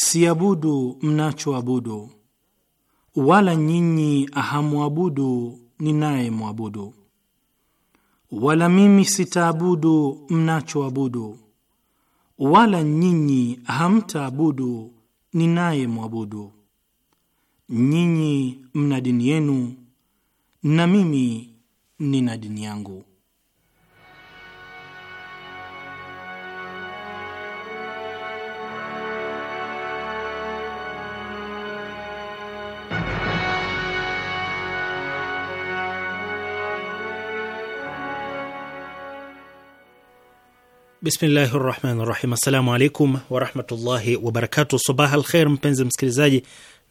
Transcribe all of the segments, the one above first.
Siabudu mnachoabudu, wala nyinyi hamwabudu mwabudu Wala mimi sitaabudu mnachoabudu, wala nyinyi hamtaabudu mwabudu Nyinyi mna dini yenu na mimi nina dini yangu. Bismillahi rahmani rahim. Assalamu alaikum warahmatullahi wabarakatu. Sabah alkher, mpenzi msikilizaji,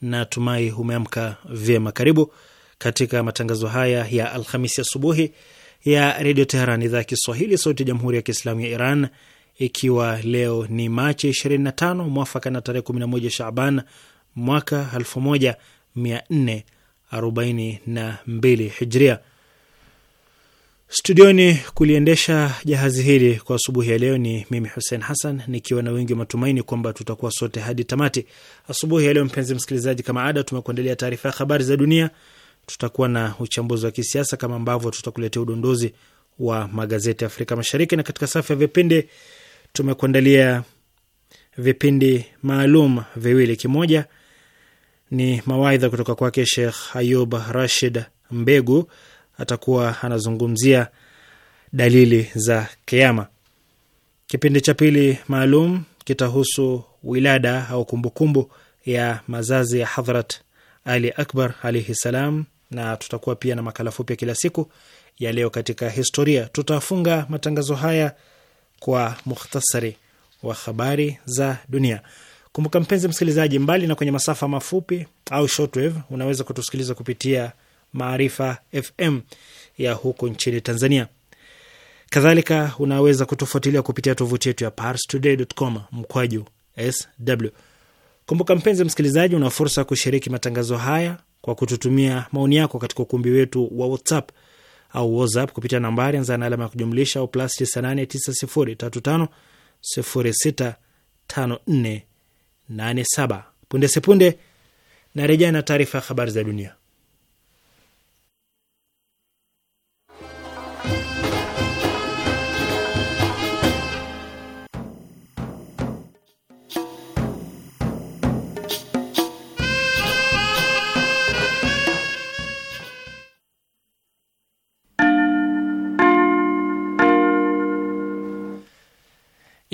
natumai umeamka vyema. Karibu katika matangazo haya ya Alhamisi asubuhi ya Redio Teheran, idhaa ya Kiswahili, sauti ya Jamhuri ya Kiislamu ya Iran, ikiwa leo ni Machi 25 mwafaka na tarehe 11 Shaban mwaka 1442 Hijria. Studioni kuliendesha jahazi hili kwa asubuhi ya leo ni mimi Hussein Hassan, nikiwa na wengi wa matumaini kwamba tutakuwa sote hadi tamati asubuhi ya leo. Mpenzi msikilizaji, kama ada, tumekuandalia taarifa ya habari za dunia, tutakuwa na uchambuzi wa kisiasa kama ambavyo tutakuletea udondozi wa magazeti ya Afrika Mashariki, na katika safu ya vipindi tumekuandalia vipindi maalum viwili. Kimoja ni mawaidha kutoka kwake Sheikh Ayub Rashid Mbegu atakuwa anazungumzia dalili za kiama. Kipindi cha pili maalum kitahusu wilada au kumbukumbu kumbu ya mazazi ya Hadhrat Ali Akbar alaihi salam, na tutakuwa pia na makala fupi ya kila siku ya leo katika historia. Tutafunga matangazo haya kwa mukhtasari wa habari za dunia. Kumbuka mpenzi msikilizaji, mbali na kwenye masafa mafupi au shortwave, unaweza kutusikiliza kupitia Maarifa FM ya huko nchini Tanzania. Kadhalika unaweza kutufuatilia kupitia tovuti yetu ya parstoday.com mkwaju sw. Kumbuka mpenzi msikilizaji, una fursa ya kushiriki matangazo haya kwa kututumia maoni yako katika ukumbi wetu wa WhatsApp au WhatsApp kupitia nambari anza na alama ya kujumlisha au plus 989035065487. Punde sepunde narejea na taarifa ya habari za dunia.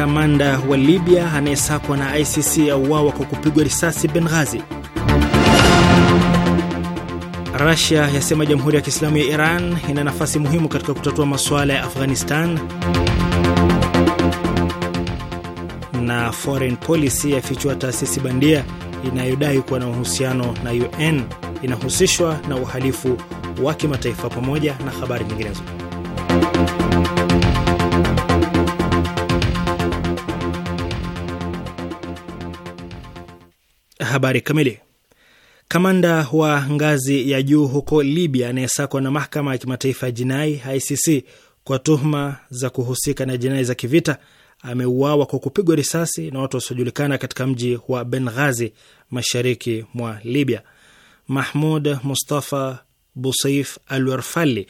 kamanda wa Libya anayesakwa na ICC auawa kwa kupigwa risasi Benghazi. Russia yasema Jamhuri ya Kiislamu ya Iran ina nafasi muhimu katika kutatua masuala ya Afghanistan. Na foreign policy yafichua taasisi bandia inayodai kuwa na uhusiano na UN inahusishwa na uhalifu wa kimataifa, pamoja na habari nyinginezo. habari kamili. Kamanda wa ngazi ya juu huko Libya anayesakwa na mahakama ya kimataifa ya jinai ICC kwa tuhuma za kuhusika na jinai za kivita ameuawa kwa kupigwa risasi na watu wasiojulikana katika mji wa Benghazi, mashariki mwa Libya. Mahmud Mustafa Busaif Alwarfali,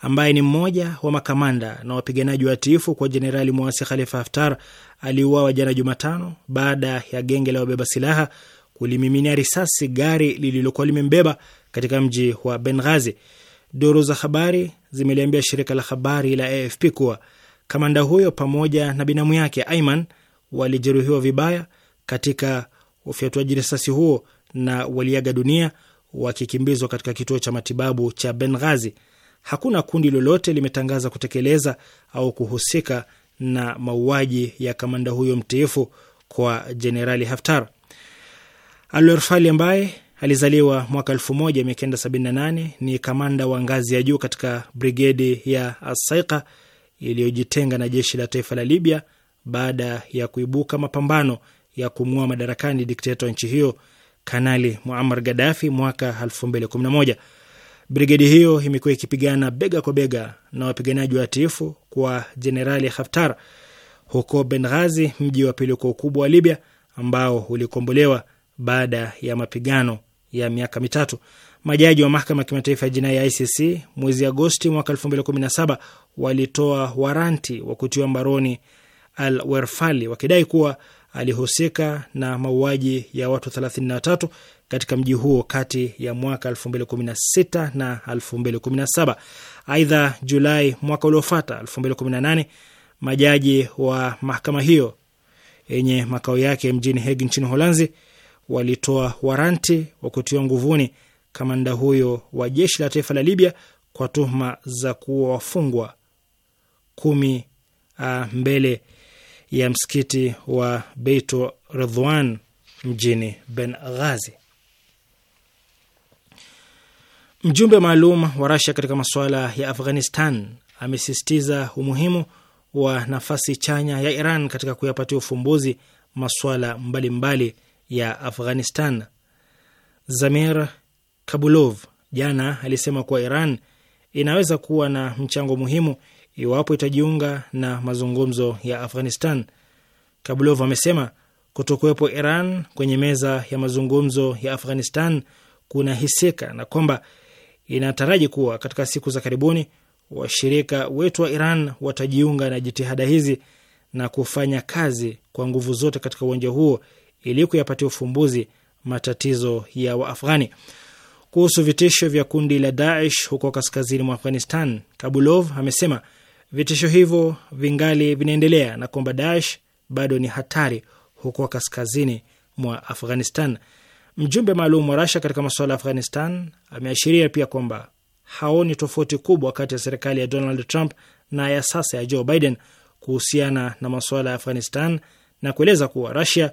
ambaye ni mmoja wa makamanda na wapiganaji watiifu kwa jenerali mwasi Khalifa Haftar, aliuawa jana Jumatano baada ya genge la wabeba silaha kulimiminia risasi gari lililokuwa limembeba katika mji wa Benghazi. Duru za habari zimeliambia shirika la habari la AFP kuwa kamanda huyo pamoja na binamu yake Aiman walijeruhiwa vibaya katika ufyatuaji risasi huo na waliaga dunia wakikimbizwa katika kituo cha matibabu cha Benghazi. Hakuna kundi lolote limetangaza kutekeleza au kuhusika na mauaji ya kamanda huyo mtiifu kwa Jenerali Haftar. Alorfali ambaye alizaliwa mwaka 1978 ni kamanda wa ngazi ya juu katika brigedi ya Asaika iliyojitenga na jeshi la taifa la Libya baada ya kuibuka mapambano ya kumua madarakani dikteta wa nchi hiyo Kanali Muammar Gaddafi mwaka 2011. Brigedi hiyo imekuwa ikipigana bega kwa bega na wapiganaji wa tifu kwa Jenerali Haftar huko Benghazi, mji wa pili kwa ukubwa wa Libya ambao ulikombolewa baada ya mapigano ya miaka mitatu. Majaji wa mahakama ya kimataifa ya jinai ya ICC mwezi Agosti mwaka 2017 walitoa waranti wa kutiwa mbaroni Al Werfali wakidai kuwa alihusika na mauaji ya watu 33 katika mji huo kati ya mwaka 2016 na 2017. Aidha, Julai mwaka uliofuata 2018, majaji wa mahakama hiyo yenye makao yake mjini Hague nchini Holanzi walitoa waranti wa kutiwa nguvuni kamanda huyo wa jeshi la taifa la Libya kwa tuhuma za kuwa wafungwa kumi a, ah, mbele ya msikiti wa Beito Ridhwan mjini Benghazi. Mjumbe maalum wa Rasia katika masuala ya Afghanistan amesisitiza umuhimu wa nafasi chanya ya Iran katika kuyapatia ufumbuzi masuala mbalimbali mbali ya Afghanistan. Zamir Kabulov jana alisema kuwa Iran inaweza kuwa na mchango muhimu iwapo itajiunga na mazungumzo ya Afghanistan. Kabulov amesema kutokuwepo Iran kwenye meza ya mazungumzo ya Afghanistan kuna hisika na kwamba inataraji kuwa katika siku za karibuni washirika wetu wa Iran watajiunga na jitihada hizi na kufanya kazi kwa nguvu zote katika uwanja huo ili kuyapatia ufumbuzi matatizo ya Waafghani. Kuhusu vitisho vya kundi la Daesh huko kaskazini mwa Afghanistan, Kabulov amesema vitisho hivyo vingali vinaendelea na kwamba Daesh bado ni hatari huko kaskazini mwa Afghanistan. Mjumbe maalum wa Rasha katika masuala ya Afghanistan ameashiria pia kwamba haoni tofauti kubwa kati ya serikali ya Donald Trump na ya sasa ya Joe Biden kuhusiana na masuala ya Afghanistan na kueleza kuwa Rasia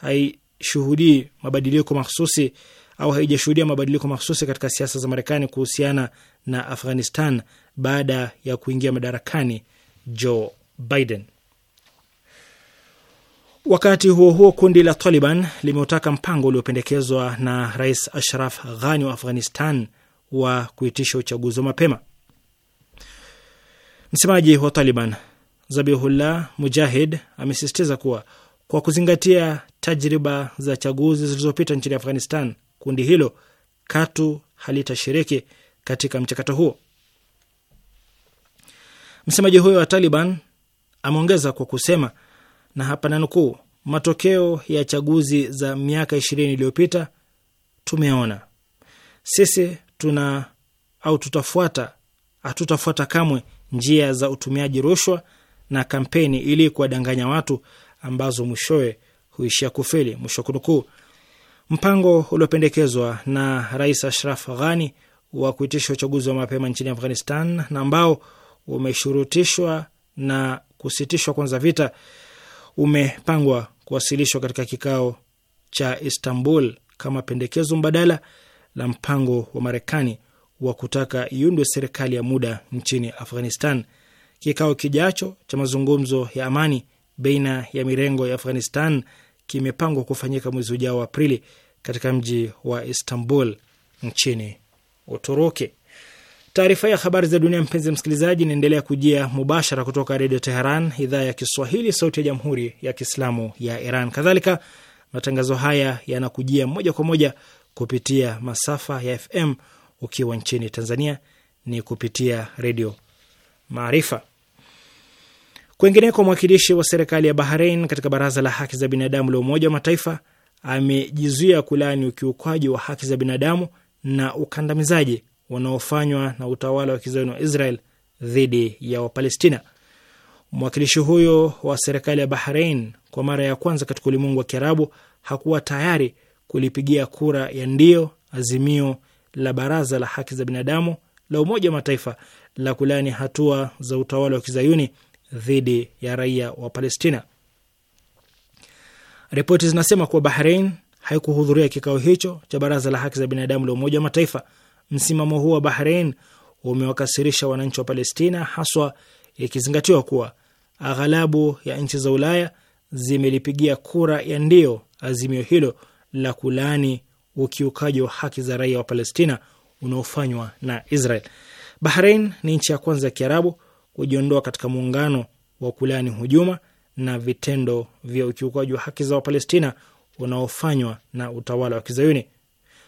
haishuhudii mabadiliko mahsusi au haijashuhudia mabadiliko mahsusi katika siasa za Marekani kuhusiana na Afghanistan baada ya kuingia madarakani Joe Biden. Wakati huo huo, kundi la Taliban limeutaka mpango uliopendekezwa na Rais Ashraf Ghani wa Afghanistan wa kuitisha uchaguzi wa mapema. Msemaji wa Taliban Zabihullah Mujahid amesisitiza kuwa kwa kuzingatia tajriba za chaguzi zilizopita nchini Afghanistan, kundi hilo katu halitashiriki katika mchakato huo. Msemaji huyo wa Taliban ameongeza kwa kusema, na hapa nanukuu, matokeo ya chaguzi za miaka ishirini iliyopita tumeona sisi tuna au tutafuata, hatutafuata kamwe njia za utumiaji rushwa na kampeni ili kuwadanganya watu ambazo mwishowe huishia kufeli, mwisho kunukuu. Mpango uliopendekezwa na Rais Ashraf Ghani wa kuitisha uchaguzi wa mapema nchini Afghanistan na ambao umeshurutishwa na kusitishwa kwanza vita umepangwa kuwasilishwa katika kikao cha Istanbul kama pendekezo mbadala la mpango wa Marekani wa kutaka iundwe serikali ya muda nchini Afghanistan. Kikao kijacho cha mazungumzo ya amani baina ya mirengo ya Afghanistan kimepangwa kufanyika mwezi ujao wa Aprili katika mji wa Istanbul nchini Uturuki. Taarifa ya habari za dunia, mpenzi msikilizaji, inaendelea kujia mubashara kutoka Redio Teheran, idhaa ya Kiswahili, sauti ya Jamhuri ya Kiislamu ya Iran. Kadhalika, matangazo haya yanakujia moja kwa moja kupitia masafa ya FM. Ukiwa nchini Tanzania ni kupitia Redio Maarifa. Kwingineko, mwakilishi wa serikali ya Bahrain katika Baraza la Haki za Binadamu la Umoja wa Mataifa amejizuia kulaani ukiukwaji wa haki za binadamu na ukandamizaji unaofanywa na utawala wa kizayuni wa Israel dhidi ya Wapalestina. Mwakilishi huyo wa serikali ya Bahrain kwa mara ya kwanza katika ulimwengu wa Kiarabu hakuwa tayari kulipigia kura ya ndio azimio la Baraza la Haki za Binadamu la Umoja wa Mataifa la kulaani hatua za utawala wa kizayuni dhidi ya raia wa Palestina. Ripoti zinasema kuwa Bahrain haikuhudhuria kikao hicho cha Baraza la Haki za Binadamu la Umoja wa Mataifa. Msimamo huu wa Bahrain umewakasirisha wananchi wa Palestina, haswa ikizingatiwa kuwa aghalabu ya nchi za Ulaya zimelipigia kura ya ndio azimio hilo la kulaani ukiukaji wa haki za raia wa Palestina unaofanywa na Israel. Bahrain ni nchi ya kwanza ya Kiarabu kujiondoa katika muungano wa kulani hujuma na vitendo vya ukiukaji wa haki za Wapalestina unaofanywa na utawala wa Kizayuni.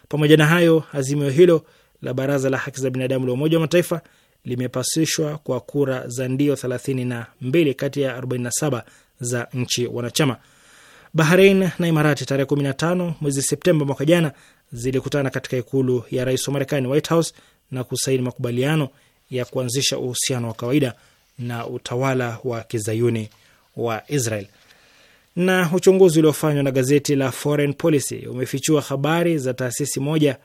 Pamoja na hayo, azimio hilo la Baraza la Haki za Binadamu la Umoja wa Mataifa limepasishwa kwa kura za ndio 32 kati ya 47 za nchi wanachama. Bahrain na Imarati tarehe 15 mwezi Septemba mwaka jana zilikutana katika ikulu ya rais wa Marekani, White House, na kusaini makubaliano ya kuanzisha uhusiano wa kawaida na utawala wa kizayuni wa Israel. Na uchunguzi uliofanywa na gazeti la Foreign Policy umefichua habari za taasisi moja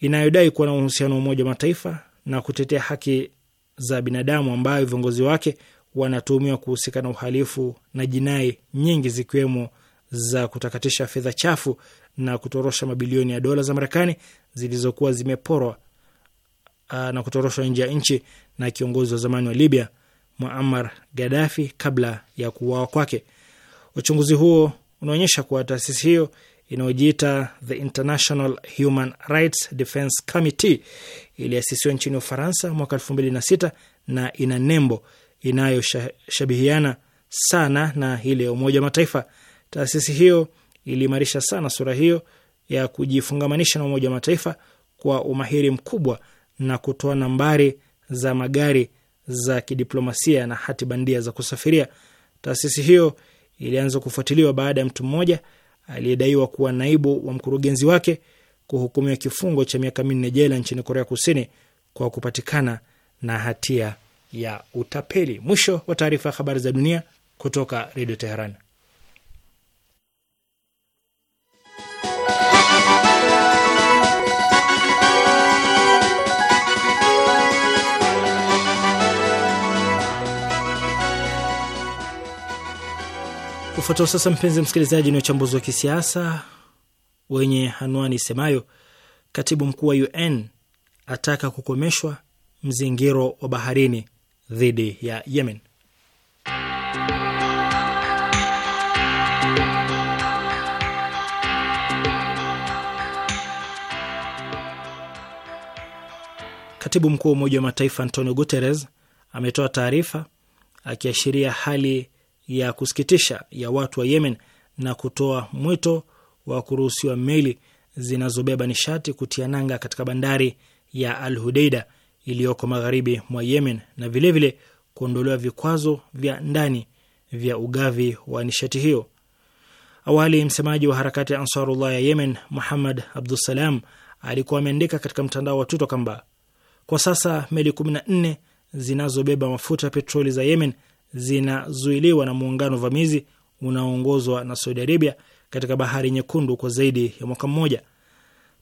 inayodai kuwa na uhusiano wa Umoja wa Mataifa na kutetea haki za binadamu ambayo viongozi wake wanatuhumiwa kuhusika na uhalifu na jinai nyingi zikiwemo za kutakatisha fedha chafu na kutorosha mabilioni ya dola za Marekani zilizokuwa zimeporwa Uh, na kutoroshwa nje ya nchi na kiongozi wa zamani wa Libya Muammar Gaddafi kabla ya kuuawa kwake. Uchunguzi huo unaonyesha kuwa taasisi hiyo inayojiita The International Human Rights Defense Committee iliasisiwa nchini Ufaransa mwaka elfu mbili na sita na ina nembo inayoshabihiana sana na ile ya Umoja wa Mataifa. Taasisi hiyo iliimarisha sana sura hiyo ya kujifungamanisha na Umoja wa Mataifa kwa umahiri mkubwa na kutoa nambari za magari za kidiplomasia na hati bandia za kusafiria. Taasisi hiyo ilianza kufuatiliwa baada ya mtu mmoja aliyedaiwa kuwa naibu wa mkurugenzi wake kuhukumiwa kifungo cha miaka minne jela nchini Korea Kusini kwa kupatikana na hatia ya utapeli. Mwisho wa taarifa ya habari za dunia kutoka Redio Teheran. Ufuatao sasa, mpenzi msikilizaji, ni uchambuzi wa kisiasa wenye anwani isemayo katibu mkuu wa UN ataka kukomeshwa mzingiro wa baharini dhidi ya Yemen. Katibu mkuu wa Umoja wa Mataifa Antonio Guterres ametoa taarifa akiashiria hali ya kusikitisha ya watu wa Yemen na kutoa mwito wa kuruhusiwa meli zinazobeba nishati kutia nanga katika bandari ya Al Hudeida iliyoko magharibi mwa Yemen na vilevile kuondolewa vikwazo vya ndani vya ugavi wa nishati hiyo. Awali msemaji wa harakati ya Ansarullah ya Yemen, Muhammad Abdusalam, alikuwa ameandika katika mtandao wa Twitter kwamba kwa sasa meli 14 zinazobeba mafuta ya petroli za Yemen zinazuiliwa na muungano vamizi unaoongozwa na Saudi Arabia katika bahari nyekundu kwa zaidi ya mwaka mmoja.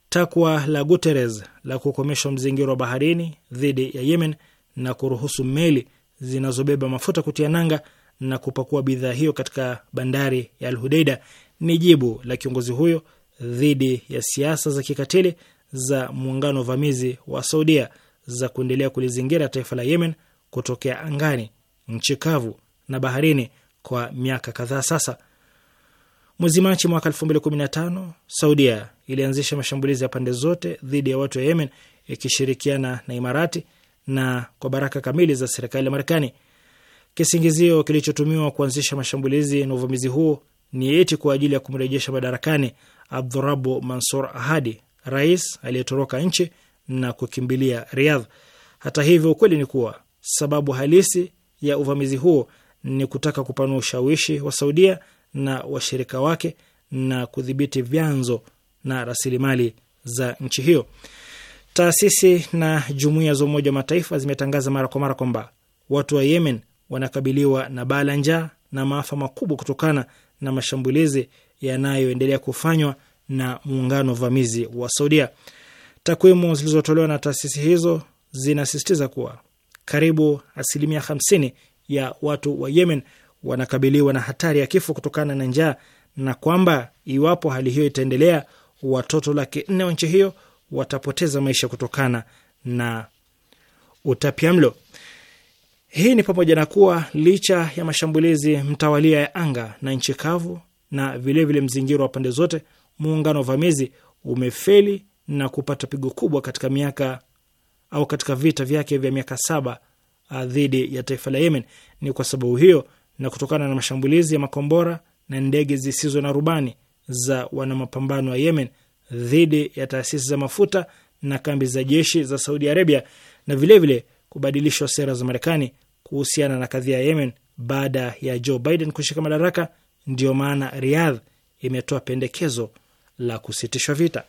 Takwa la Guterres la kukomesha mzingiro wa baharini dhidi ya Yemen na kuruhusu meli zinazobeba mafuta kutia nanga na kupakua bidhaa hiyo katika bandari ya Al Hudeida ni jibu la kiongozi huyo dhidi ya siasa za kikatili za muungano wa vamizi wa Saudia za kuendelea kulizingira taifa la Yemen kutokea angani nchi kavu na baharini kwa miaka kadhaa sasa. Mwezi Machi mwaka tano Saudia ilianzisha mashambulizi ya pande zote dhidi ya watu wa Yemen ikishirikiana na Imarati na kwa baraka kamili za serikali ya Marekani. Kisingizio kilichotumiwa kuanzisha mashambulizi na uvamizi huo ni eti kwa ajili ya kumrejesha madarakani Abdurabu Mansur Ahadi, rais aliyetoroka nchi na kukimbilia Riyadh. Hata hivyo, ukweli ni kuwa sababu halisi ya uvamizi huo ni kutaka kupanua ushawishi wa Saudia na washirika wake na kudhibiti vyanzo na rasilimali za nchi hiyo. Taasisi na jumuiya za Umoja wa Mataifa zimetangaza mara kwa mara kwamba watu wa Yemen wanakabiliwa na baa la njaa na maafa makubwa kutokana na mashambulizi yanayoendelea kufanywa na muungano vamizi wa Saudia. Takwimu zilizotolewa na taasisi hizo zinasisitiza kuwa karibu asilimia 50 ya watu wa Yemen wanakabiliwa na hatari ya kifo kutokana na njaa na kwamba iwapo hali hiyo itaendelea, watoto laki nne wa nchi hiyo watapoteza maisha kutokana na utapiamlo. Hii ni pamoja na kuwa licha ya mashambulizi mtawalia ya anga na nchi kavu na vilevile mzingiro wa pande zote, muungano wa vamizi umefeli na kupata pigo kubwa katika miaka au katika vita vyake vya miaka saba ah, dhidi ya taifa la Yemen. Ni kwa sababu hiyo na kutokana na mashambulizi ya makombora na ndege zisizo na rubani za wanamapambano wa Yemen dhidi ya taasisi za mafuta na kambi za jeshi za Saudi Arabia na vilevile kubadilishwa sera za Marekani kuhusiana na kadhia ya Yemen baada ya Joe Biden kushika madaraka. Ndiyo maana Riyadh imetoa pendekezo la kusitishwa vita.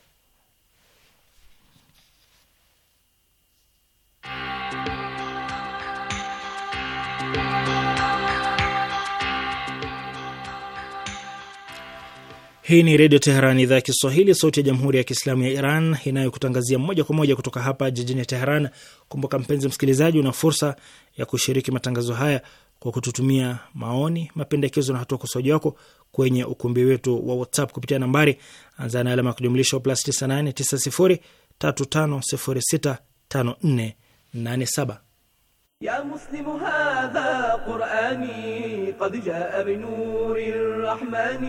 Hii ni Redio Teheran, idhaa ya Kiswahili, sauti ya Jamhuri ya Kiislamu ya Iran inayokutangazia moja kwa moja kutoka hapa jijini Teheran. Kumbuka mpenzi msikilizaji, una fursa ya kushiriki matangazo haya kwa kututumia maoni, mapendekezo na hatua ukosoaji wako kwenye ukumbi wetu wa WhatsApp kupitia nambari anza na alama ya kujumlisha plus 98 90 35065487. يا مسلم هذا قرآني قد جاء بنور الرحمن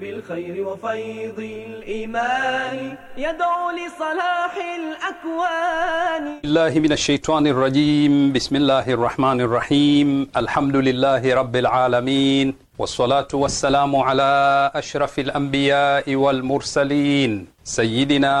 بالخير وفيض الإيمان يدعو لصلاح الأكوان الله من الشيطان الرجيم بسم الله الرحمن الرحيم الحمد لله رب العالمين والصلاة والسلام على أشرف الأنبياء والمرسلين سيدنا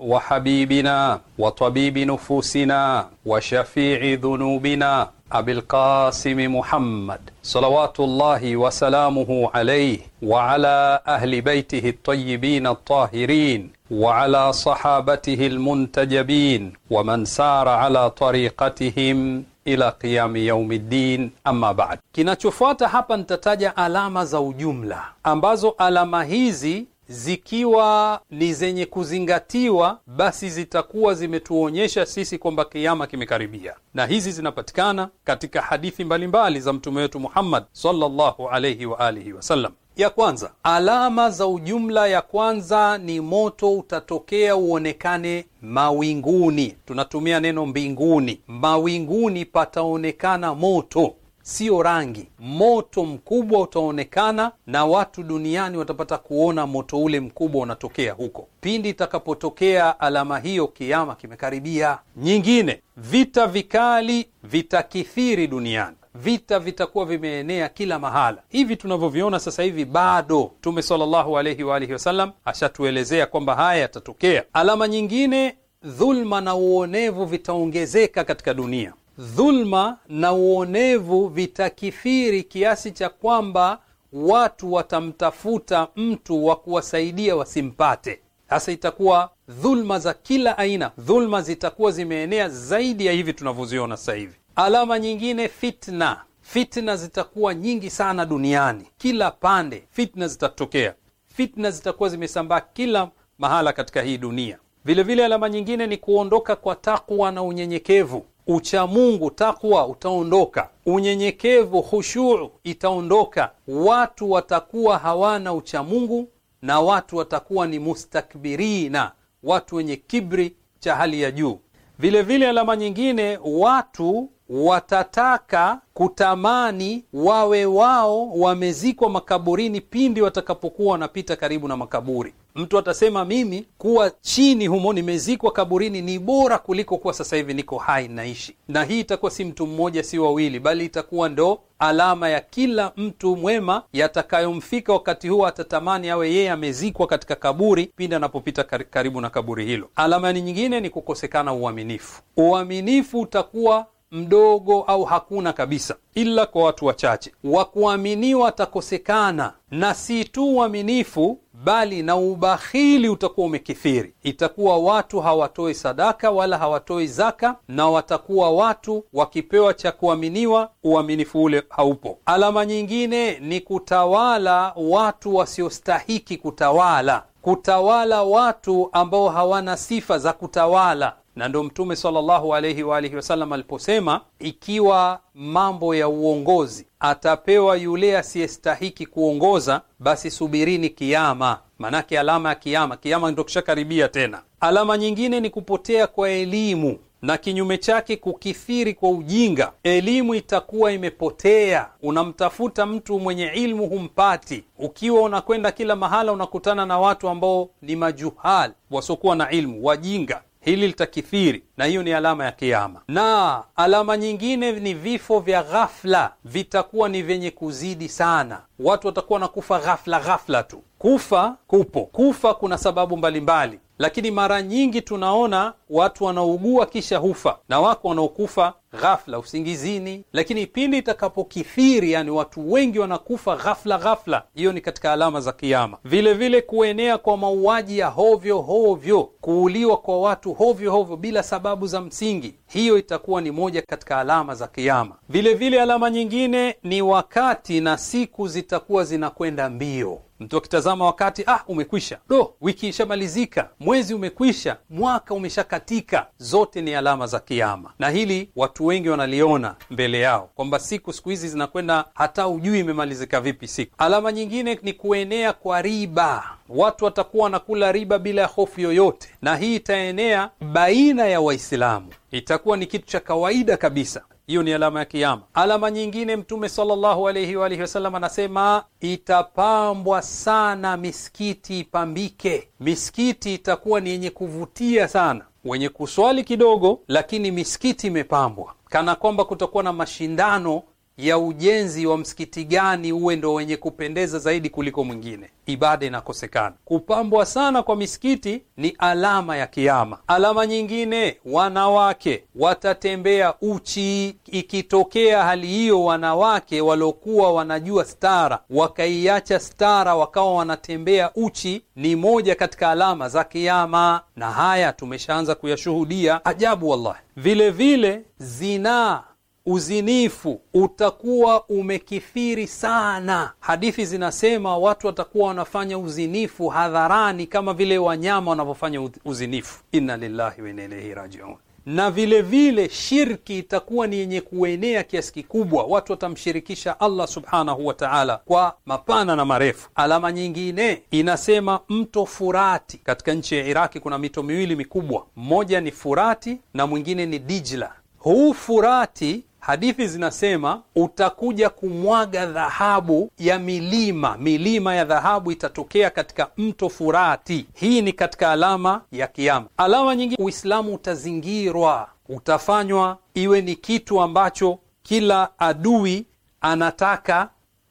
وحبيبنا وطبيب نفوسنا وشفيع ذنوبنا أبي القاسم محمد صلوات الله وسلامه عليه وعلى أهل بيته الطيبين الطاهرين وعلى صحابته المنتجبين ومن سار على طريقتهم ila qiyami yaumiddin, amma baad. Kinachofuata hapa nitataja alama za ujumla ambazo alama hizi zikiwa ni zenye kuzingatiwa, basi zitakuwa zimetuonyesha sisi kwamba kiama kimekaribia, na hizi zinapatikana katika hadithi mbalimbali mbali za mtume wetu Muhammad sallallahu alayhi wa alihi wasallam. Ya kwanza, alama za ujumla ya kwanza ni moto utatokea uonekane mawinguni. Tunatumia neno mbinguni, mawinguni pataonekana moto sio rangi. Moto mkubwa utaonekana na watu duniani watapata kuona moto ule mkubwa unatokea huko. Pindi itakapotokea alama hiyo, kiama kimekaribia. Nyingine, vita vikali vitakithiri duniani. Vita vitakuwa vimeenea kila mahala. Hivi tunavyoviona sasa hivi bado. Mtume sallallahu alaihi wa alihi wasallam ashatuelezea kwamba haya yatatokea. Alama nyingine, dhulma na uonevu vitaongezeka katika dunia dhulma na uonevu vitakithiri kiasi cha kwamba watu watamtafuta mtu wa kuwasaidia wasimpate. Sasa itakuwa dhulma za kila aina, dhulma zitakuwa zimeenea zaidi ya hivi tunavyoziona sasa hivi. Alama nyingine, fitna. Fitna zitakuwa nyingi sana duniani, kila pande fitna zitatokea, fitna zitakuwa zimesambaa kila mahala katika hii dunia. Vilevile vile alama nyingine ni kuondoka kwa takwa na unyenyekevu uchamungu takwa utaondoka, unyenyekevu hushuu itaondoka. Watu watakuwa hawana uchamungu na watu watakuwa ni mustakbirina, watu wenye kibri cha hali ya juu. Vilevile alama nyingine watu watataka kutamani wawe wao wamezikwa makaburini pindi watakapokuwa wanapita karibu na makaburi. Mtu atasema mimi kuwa chini humo nimezikwa kaburini ni bora kuliko kuwa sasa hivi niko hai naishi. Na hii itakuwa si mtu mmoja, si wawili, bali itakuwa ndo alama ya kila mtu mwema yatakayomfika wakati huo, atatamani awe yeye amezikwa katika kaburi pindi anapopita karibu na kaburi hilo. Alama nyingine ni kukosekana uaminifu. Uaminifu utakuwa mdogo au hakuna kabisa, ila kwa watu wachache. Wa kuaminiwa atakosekana, na si tu uaminifu bali na ubakhili utakuwa umekithiri. Itakuwa watu hawatoi sadaka wala hawatoi zaka, na watakuwa watu wakipewa cha kuaminiwa, uaminifu ule haupo. Alama nyingine ni kutawala watu wasiostahiki kutawala, kutawala watu ambao hawana sifa za kutawala na ndo Mtume sallallahu alaihi wa alihi wasallam aliposema, ikiwa mambo ya uongozi atapewa yule asiyestahiki kuongoza, basi subirini kiama. Maanake alama ya kiama, kiama ndo kishakaribia tena. Alama nyingine ni kupotea kwa elimu na kinyume chake kukithiri kwa ujinga. Elimu itakuwa imepotea, unamtafuta mtu mwenye ilmu humpati. Ukiwa unakwenda kila mahala, unakutana na watu ambao ni majuhal, wasiokuwa na ilmu, wajinga hili litakithiri, na hiyo ni alama ya kiama. Na alama nyingine ni vifo vya ghafla, vitakuwa ni vyenye kuzidi sana. Watu watakuwa na kufa ghafla ghafla tu. Kufa kupo, kufa kuna sababu mbalimbali mbali, lakini mara nyingi tunaona watu wanaougua kisha hufa, na wako wanaokufa ghafla usingizini. Lakini pindi itakapokithiri, yani watu wengi wanakufa ghafla ghafla, hiyo ni katika alama za kiama. Vile vile kuenea kwa mauaji ya hovyo hovyo, kuuliwa kwa watu hovyo hovyo bila sababu za msingi, hiyo itakuwa ni moja katika alama za kiama. Vile vile alama nyingine ni wakati na siku zitakuwa zinakwenda mbio. Mtu akitazama wakati, ah, umekwisha, do wiki ishamalizika, mwezi umekwisha, mwaka umeshaka katika, zote ni alama za kiama, na hili watu wengi wanaliona mbele yao kwamba siku siku hizi zinakwenda, hata ujui imemalizika vipi siku. Alama nyingine ni kuenea kwa riba. Watu watakuwa wanakula riba bila ya hofu yoyote, na hii itaenea baina ya Waislamu, itakuwa ni kitu cha kawaida kabisa. Hiyo ni alama ya kiama. Alama nyingine, Mtume sallallahu wa alihi wasallam anasema itapambwa sana misikiti, ipambike misikiti, itakuwa ni yenye kuvutia sana wenye kuswali kidogo, lakini misikiti imepambwa kana kwamba kutakuwa na mashindano ya ujenzi wa msikiti gani uwe ndo wenye kupendeza zaidi kuliko mwingine, ibada inakosekana. Kupambwa sana kwa misikiti ni alama ya kiama. Alama nyingine, wanawake watatembea uchi. Ikitokea hali hiyo, wanawake waliokuwa wanajua stara wakaiacha stara, wakawa wanatembea uchi, ni moja katika alama za kiama, na haya tumeshaanza kuyashuhudia. Ajabu wallahi. Vilevile zinaa uzinifu utakuwa umekithiri sana. Hadithi zinasema watu watakuwa wanafanya uzinifu hadharani kama vile wanyama wanavyofanya uzinifu. Inna lillahi wa inna ilaihi rajiun. Na vile vile shirki itakuwa ni yenye kuenea kiasi kikubwa, watu watamshirikisha Allah subhanahu wa taala kwa mapana na marefu. Alama nyingine inasema mto Furati. Katika nchi ya Iraki kuna mito miwili mikubwa, mmoja ni Furati na mwingine ni Dijla. Huu Furati Hadithi zinasema utakuja kumwaga dhahabu ya milima, milima ya dhahabu itatokea katika mto Furati. Hii ni katika alama ya Kiama. Alama nyingine, Uislamu utazingirwa, utafanywa iwe ni kitu ambacho kila adui anataka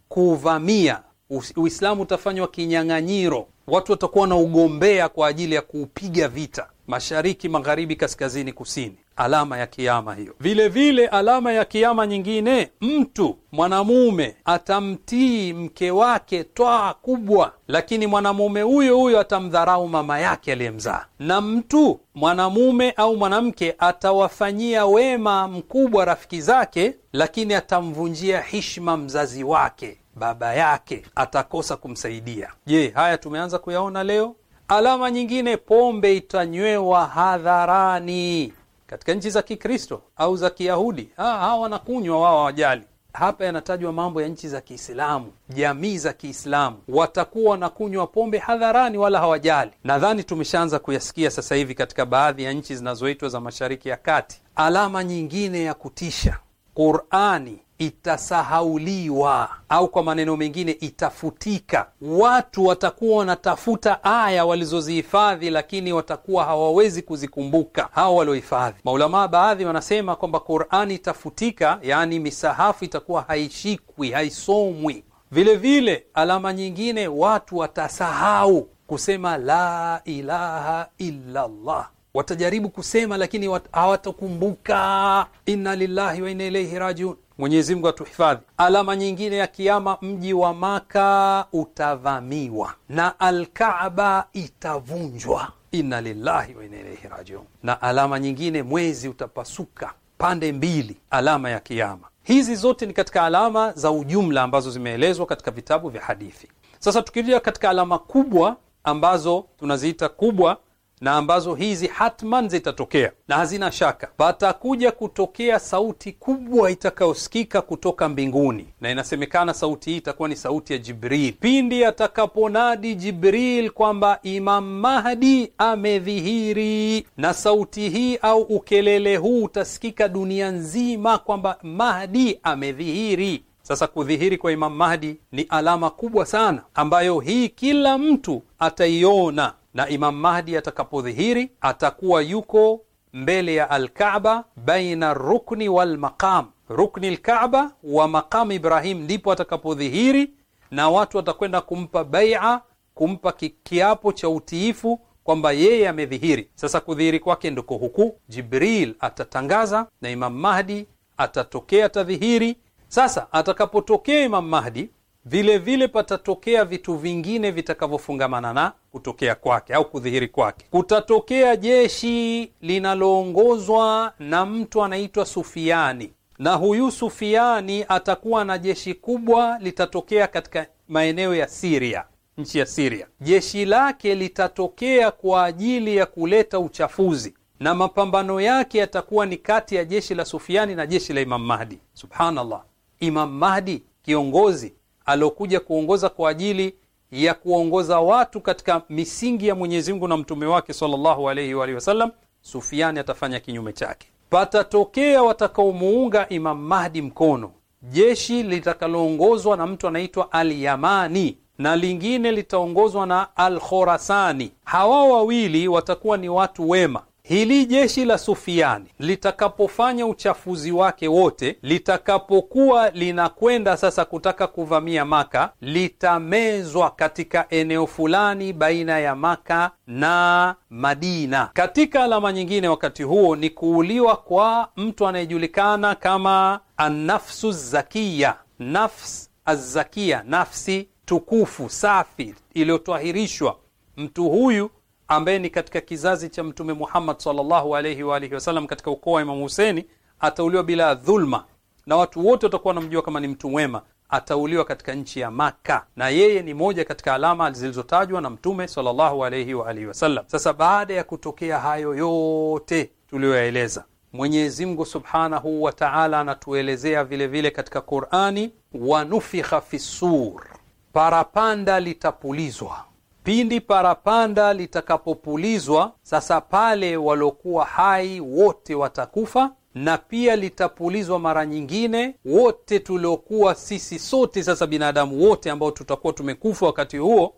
kuuvamia. Uislamu utafanywa kinyang'anyiro, watu watakuwa na ugombea kwa ajili ya kuupiga vita, mashariki, magharibi, kaskazini, kusini alama ya kiama hiyo. Vile vile alama ya kiama nyingine, mtu mwanamume atamtii mke wake twaa kubwa, lakini mwanamume huyo huyo atamdharau mama yake aliyemzaa. Na mtu mwanamume au mwanamke atawafanyia wema mkubwa rafiki zake, lakini atamvunjia hishma mzazi wake, baba yake, atakosa kumsaidia. Je, haya tumeanza kuyaona leo. Alama nyingine, pombe itanywewa hadharani katika nchi za Kikristo au za Kiyahudi ah, hawa wanakunywa wao hawajali. Hapa yanatajwa mambo ya nchi za Kiislamu, jamii za Kiislamu watakuwa wanakunywa pombe hadharani, wala hawajali. Nadhani tumeshaanza kuyasikia sasa hivi katika baadhi ya nchi zinazoitwa za Mashariki ya Kati. Alama nyingine ya kutisha, Qurani itasahauliwa au kwa maneno mengine itafutika. Watu watakuwa wanatafuta aya walizozihifadhi, lakini watakuwa hawawezi kuzikumbuka hao waliohifadhi. Maulamaa baadhi wanasema kwamba Qurani itafutika, yaani misahafu itakuwa haishikwi, haisomwi. Vilevile vile, alama nyingine watu watasahau kusema la ilaha illallah watajaribu kusema lakini hawatakumbuka. Inna lillahi wa inna ilaihi rajiun. Mwenyezi Mungu atuhifadhi. Alama nyingine ya Kiama, mji wa Maka utavamiwa na Alkaaba itavunjwa. Inna lillahi wa inna ilaihi rajiun. Na alama nyingine, mwezi utapasuka pande mbili, alama ya Kiama. Hizi zote ni katika alama za ujumla ambazo zimeelezwa katika vitabu vya hadithi. Sasa tukirudia katika alama kubwa ambazo tunaziita kubwa na ambazo hizi hatman zitatokea na hazina shaka, patakuja kutokea sauti kubwa itakayosikika kutoka mbinguni, na inasemekana sauti hii itakuwa ni sauti ya Jibril pindi atakaponadi Jibril kwamba Imam Mahdi amedhihiri. Na sauti hii au ukelele huu utasikika dunia nzima kwamba Mahdi amedhihiri. Sasa kudhihiri kwa Imam Mahdi ni alama kubwa sana ambayo hii kila mtu ataiona na Imam Mahdi atakapodhihiri atakuwa yuko mbele ya alkaba baina rukni walmaqam rukni lkaba wa maqam Ibrahim, ndipo atakapodhihiri na watu watakwenda kumpa baia, kumpa kiapo cha utiifu kwamba yeye amedhihiri. Sasa kudhihiri kwake ndiko huku, Jibril atatangaza na Imam Mahdi atatokea, atadhihiri. Sasa atakapotokea Imam Mahdi vile vile patatokea vitu vingine vitakavyofungamana na kutokea kwake au kudhihiri kwake. Kutatokea jeshi linaloongozwa na mtu anaitwa Sufiani, na huyu Sufiani atakuwa na jeshi kubwa, litatokea katika maeneo ya Siria, nchi ya Siria. Jeshi lake litatokea kwa ajili ya kuleta uchafuzi na mapambano yake yatakuwa ni kati ya jeshi la Sufiani na jeshi la Imam Mahdi. Subhanallah, Imam Mahdi kiongozi aliokuja kuongoza kwa ajili ya kuongoza watu katika misingi ya Mwenyezi Mungu na mtume wake sallallahu alayhi wa alihi wasallam, Sufiani atafanya kinyume chake. Patatokea watakaomuunga Imam Mahdi mkono, jeshi litakaloongozwa na mtu anaitwa Al-Yamani na lingine litaongozwa na Al-Khorasani. Hawa wawili watakuwa ni watu wema Hili jeshi la Sufiani litakapofanya uchafuzi wake wote, litakapokuwa linakwenda sasa kutaka kuvamia Maka, litamezwa katika eneo fulani baina ya Maka na Madina. Katika alama nyingine wakati huo ni kuuliwa kwa mtu anayejulikana kama annafsu zakiya, nafs azakia, nafsi tukufu safi iliyotwahirishwa. Mtu huyu ambaye ni katika kizazi cha Mtume Muhammad sallallahu alayhi wa alihi wasallam katika ukoo wa Imam Husaini atauliwa bila dhulma, na watu wote watakuwa wanamjua kama ni mtu mwema. Atauliwa katika nchi ya Maka, na yeye ni moja katika alama zilizotajwa na Mtume sallallahu alayhi wa alihi wasallam. Sasa baada ya kutokea hayo yote tuliyoyaeleza, Mwenyezi Mungu subhanahu wa taala anatuelezea vile vile katika Qur'ani, wanufikha fi parapanda litapulizwa pindi parapanda litakapopulizwa, sasa pale waliokuwa hai wote watakufa, na pia litapulizwa mara nyingine, wote tuliokuwa sisi sote sasa, binadamu wote ambao tutakuwa tumekufa wakati huo,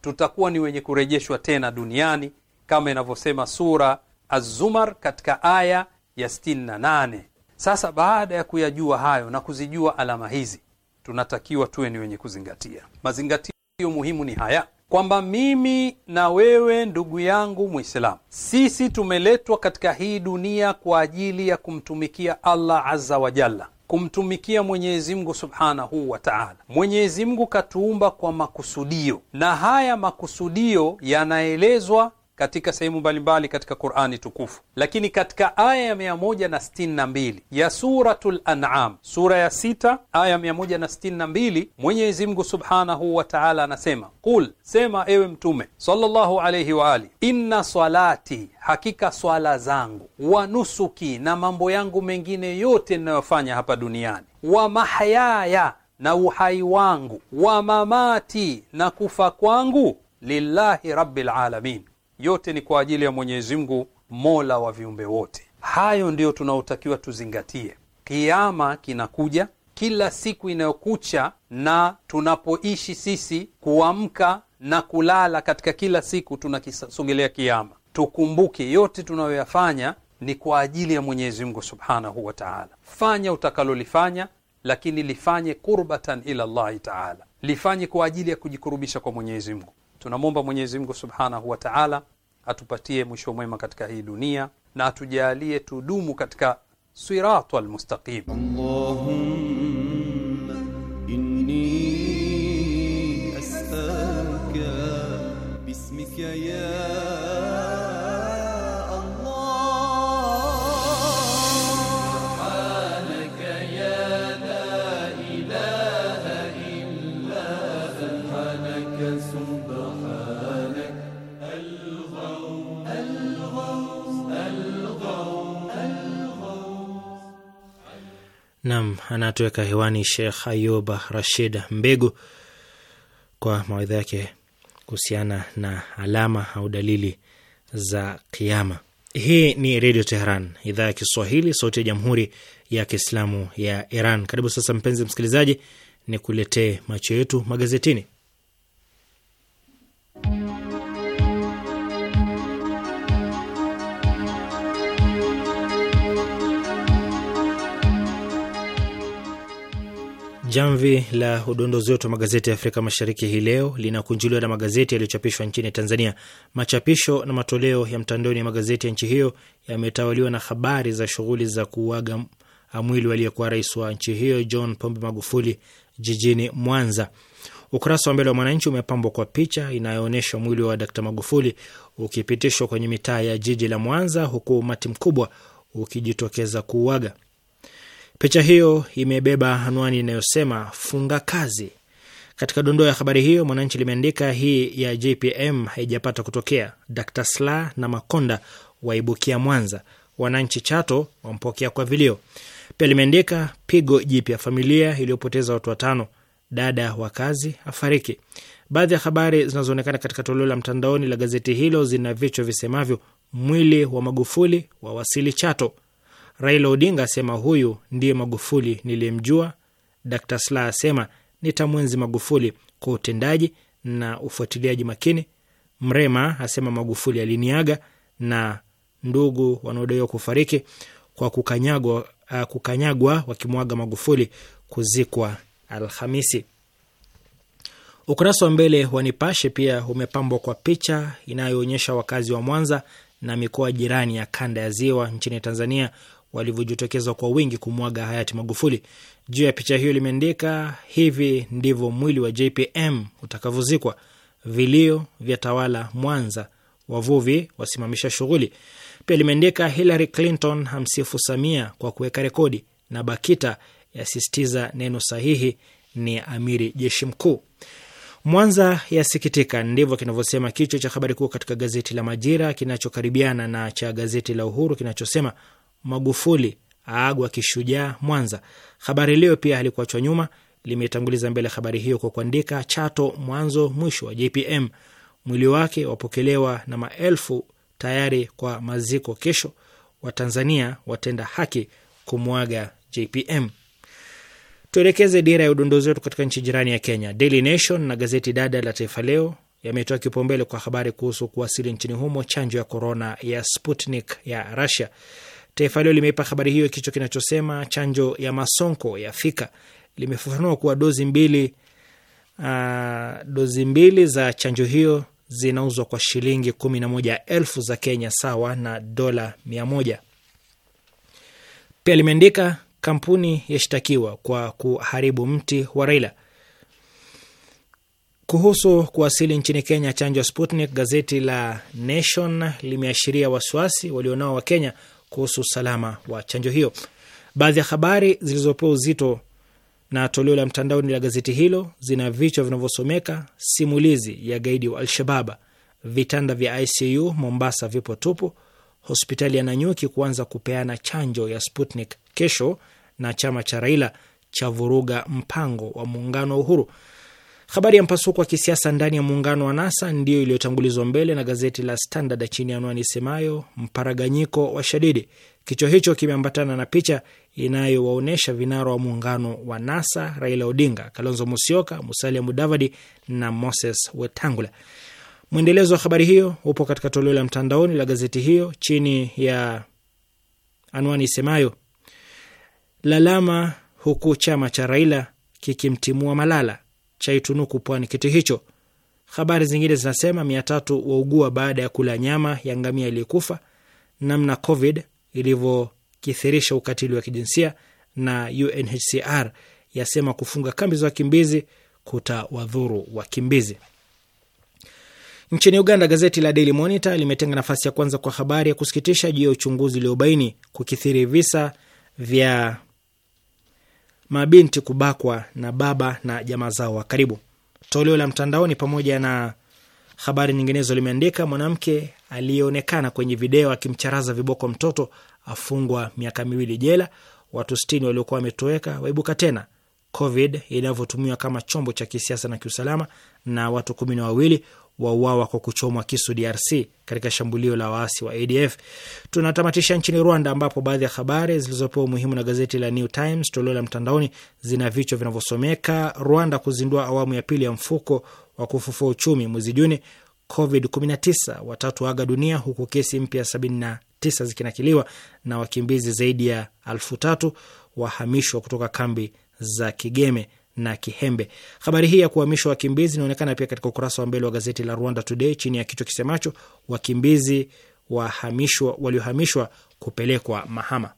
tutakuwa ni wenye kurejeshwa tena duniani kama inavyosema sura Az-Zumar katika aya ya 68. Sasa baada ya kuyajua hayo na kuzijua alama hizi, tunatakiwa tuwe ni wenye kuzingatia. Mazingatio muhimu ni haya kwamba mimi na wewe ndugu yangu Mwislamu, sisi tumeletwa katika hii dunia kwa ajili ya kumtumikia Allah azza wa jalla, kumtumikia Mwenyezi Mungu subhanahu wa taala. Mwenyezi Mungu katuumba kwa makusudio, na haya makusudio yanaelezwa katika sehemu mbalimbali katika Qur'ani tukufu, lakini katika aya ya 162 ya suratu lanam sura ya sita aya 162, Mwenyezi Mungu Subhanahu wa Ta'ala anasema, qul, sema ewe Mtume sallallahu alayhi wa ali, inna salati, hakika swala zangu, wa nusuki, na mambo yangu mengine yote ninayofanya hapa duniani, wa mahyaya, na uhai wangu, wa mamati, na kufa kwangu, lillahi rabbil alamin yote ni kwa ajili ya Mwenyezi Mungu, mola wa viumbe wote. Hayo ndiyo tunaotakiwa tuzingatie. Kiama kinakuja kila siku inayokucha, na tunapoishi sisi kuamka na kulala katika kila siku tunakisogelea kiama. Tukumbuke yote tunayoyafanya ni kwa ajili ya Mwenyezi Mungu subhanahu wa taala. Fanya utakalolifanya, lakini lifanye kurbatan ila llahi taala, lifanye kwa ajili ya kujikurubisha kwa Mwenyezi Mungu. Tunamwomba Mwenyezi Mungu subhanahu wa taala atupatie mwisho mwema katika hii dunia na atujalie tudumu katika sirata almustaqim. Allahumma inni as'aluka bismika ya anatoweka hewani Sheikh Ayub Rashid Mbegu kwa mawaidha yake kuhusiana na alama au dalili za kiama. Hii ni Redio Teheran, idhaa ya Kiswahili, sauti ya Jamhuri ya Kiislamu ya Iran. Karibu sasa, mpenzi msikilizaji, ni kuletee macho yetu magazetini. Jamvi la udondozi wetu wa magazeti ya Afrika Mashariki hii leo linakunjuliwa na magazeti yaliyochapishwa nchini Tanzania. Machapisho na matoleo ya mtandaoni ya magazeti ya nchi hiyo yametawaliwa na habari za shughuli za kuuaga mwili aliyekuwa rais wa nchi hiyo John Pombe Magufuli jijini Mwanza. Ukurasa wa mbele wa Mwananchi umepambwa kwa picha inayoonyesha mwili wa Dkt Magufuli ukipitishwa kwenye mitaa ya jiji la Mwanza, huku umati mkubwa ukijitokeza kuuaga. Picha hiyo imebeba anwani inayosema funga kazi. Katika dondoo ya habari hiyo, Mwananchi limeandika hii ya JPM haijapata kutokea, Dr Sla na Makonda waibukia Mwanza, wananchi Chato wampokea kwa vilio. Pia limeandika pigo jipya, familia iliyopoteza watu watano, dada wa kazi afariki. Baadhi ya habari zinazoonekana katika toleo la mtandaoni la gazeti hilo zina vichwa visemavyo mwili wa Magufuli wawasili Chato, Raila Odinga asema huyu ndiye Magufuli niliyemjua. Dr sla asema nitamwenzi Magufuli kwa utendaji na ufuatiliaji makini. Mrema asema Magufuli aliniaga na ndugu wanaodaiwa kufariki kwa kukanyagwa, uh, kukanyagwa wakimwaga Magufuli kuzikwa Alhamisi. Ukurasa wa mbele wa Nipashe pia umepambwa kwa picha inayoonyesha wakazi wa Mwanza na mikoa jirani ya kanda ya ziwa nchini Tanzania walivyojitokeza kwa wingi kumwaga hayati Magufuli. Juu ya picha hiyo limeandika hivi ndivyo mwili wa JPM utakavyozikwa, vilio vya tawala Mwanza, wavuvi wasimamisha shughuli. Pia limeandika Hillary Clinton hamsifu Samia kwa kuweka rekodi, na BAKITA yasisitiza neno sahihi ni amiri jeshi mkuu. Mwanza yasikitika, ndivyo kinavyosema kichwa cha habari kuu katika gazeti la Majira kinachokaribiana na cha gazeti la Uhuru kinachosema Magufuli aagwa kishujaa Mwanza. Habari Leo pia halikuachwa nyuma, limetanguliza mbele habari hiyo kwa kuandika Chato mwanzo mwisho wa JPM, mwili wake wapokelewa na maelfu tayari kwa maziko kesho, Watanzania watenda haki kumwaga JPM. Tuelekeze dira ya udondozi wetu katika nchi jirani ya Kenya. Daily Nation na gazeti dada la Taifa Leo yametoa kipaumbele kwa habari kuhusu kuwasili nchini humo chanjo ya korona ya Sputnik ya Russia. Taifa Hilo limeipa habari hiyo kichwa kinachosema chanjo ya masonko fika Limefafanua kuwa dozi mbili, uh, dozi mbili za chanjo hiyo zinauzwa kwa shilingi kumi na moja elfu za Kenya sawa na dola mia moja. Pia limeandika kampuni yashtakiwa kwa kuharibu mti wa Raila. Kuhusu kuwasili nchini Kenya chanjo ya Sputnik, gazeti la Nation limeashiria wasiwasi walionao wa Kenya kuhusu usalama wa chanjo hiyo. Baadhi ya habari zilizopewa uzito na toleo la mtandaoni la gazeti hilo zina vichwa vinavyosomeka simulizi ya gaidi wa Alshababa, vitanda vya ICU Mombasa vipo tupu, hospitali ya Nanyuki kuanza kupeana chanjo ya Sputnik kesho, na chama cha Raila cha vuruga mpango wa muungano wa Uhuru. Habari ya mpasuko wa kisiasa ndani ya muungano wa NASA ndiyo iliyotangulizwa mbele na gazeti la Standard chini ya anwani isemayo mparaganyiko wa shadidi. Kichwa hicho kimeambatana na picha inayowaonyesha vinara wa muungano wa NASA, Raila Odinga, Kalonzo Musyoka, Musalia Mudavadi na Moses Wetangula. Mwendelezo wa habari hiyo upo katika toleo la mtandaoni la gazeti hiyo chini ya anwani isemayo lalama, huku chama cha Raila kikimtimua Malala cha Itunuku Pwani kiti hicho. Habari zingine zinasema mia tatu waugua baada ya kula nyama ya ngamia iliyekufa, namna COVID ilivyokithirisha ukatili wa kijinsia, na UNHCR yasema kufunga kambi za wakimbizi kutawadhuru wakimbizi. Nchini Uganda, gazeti la Daily Monitor limetenga nafasi ya kwanza kwa habari ya kusikitisha juu ya uchunguzi uliobaini kukithiri visa vya mabinti kubakwa na baba na jamaa zao wa karibu. Toleo la mtandaoni pamoja na habari nyinginezo limeandika mwanamke aliyeonekana kwenye video akimcharaza viboko mtoto afungwa miaka miwili jela. Watu sitini waliokuwa wametoweka waibuka tena. Covid inavyotumiwa kama chombo cha kisiasa na kiusalama, na watu kumi na wawili wauawa kwa kuchomwa kisu DRC katika shambulio la waasi wa ADF. Tunatamatisha nchini Rwanda, ambapo baadhi ya habari zilizopewa umuhimu na gazeti la New Times toleo la mtandaoni zina vichwa vinavyosomeka: Rwanda kuzindua awamu ya pili ya mfuko wa kufufua uchumi mwezi Juni, COVID-19 watatu waaga dunia, huku kesi mpya 79 zikinakiliwa, na wakimbizi zaidi ya elfu tatu wahamishwa kutoka kambi za Kigeme na Kihembe. Habari hii ya kuhamishwa wakimbizi inaonekana pia katika ukurasa wa mbele wa gazeti la Rwanda Today chini ya kichwa kisemacho wakimbizi wahamishwa waliohamishwa kupelekwa Mahama.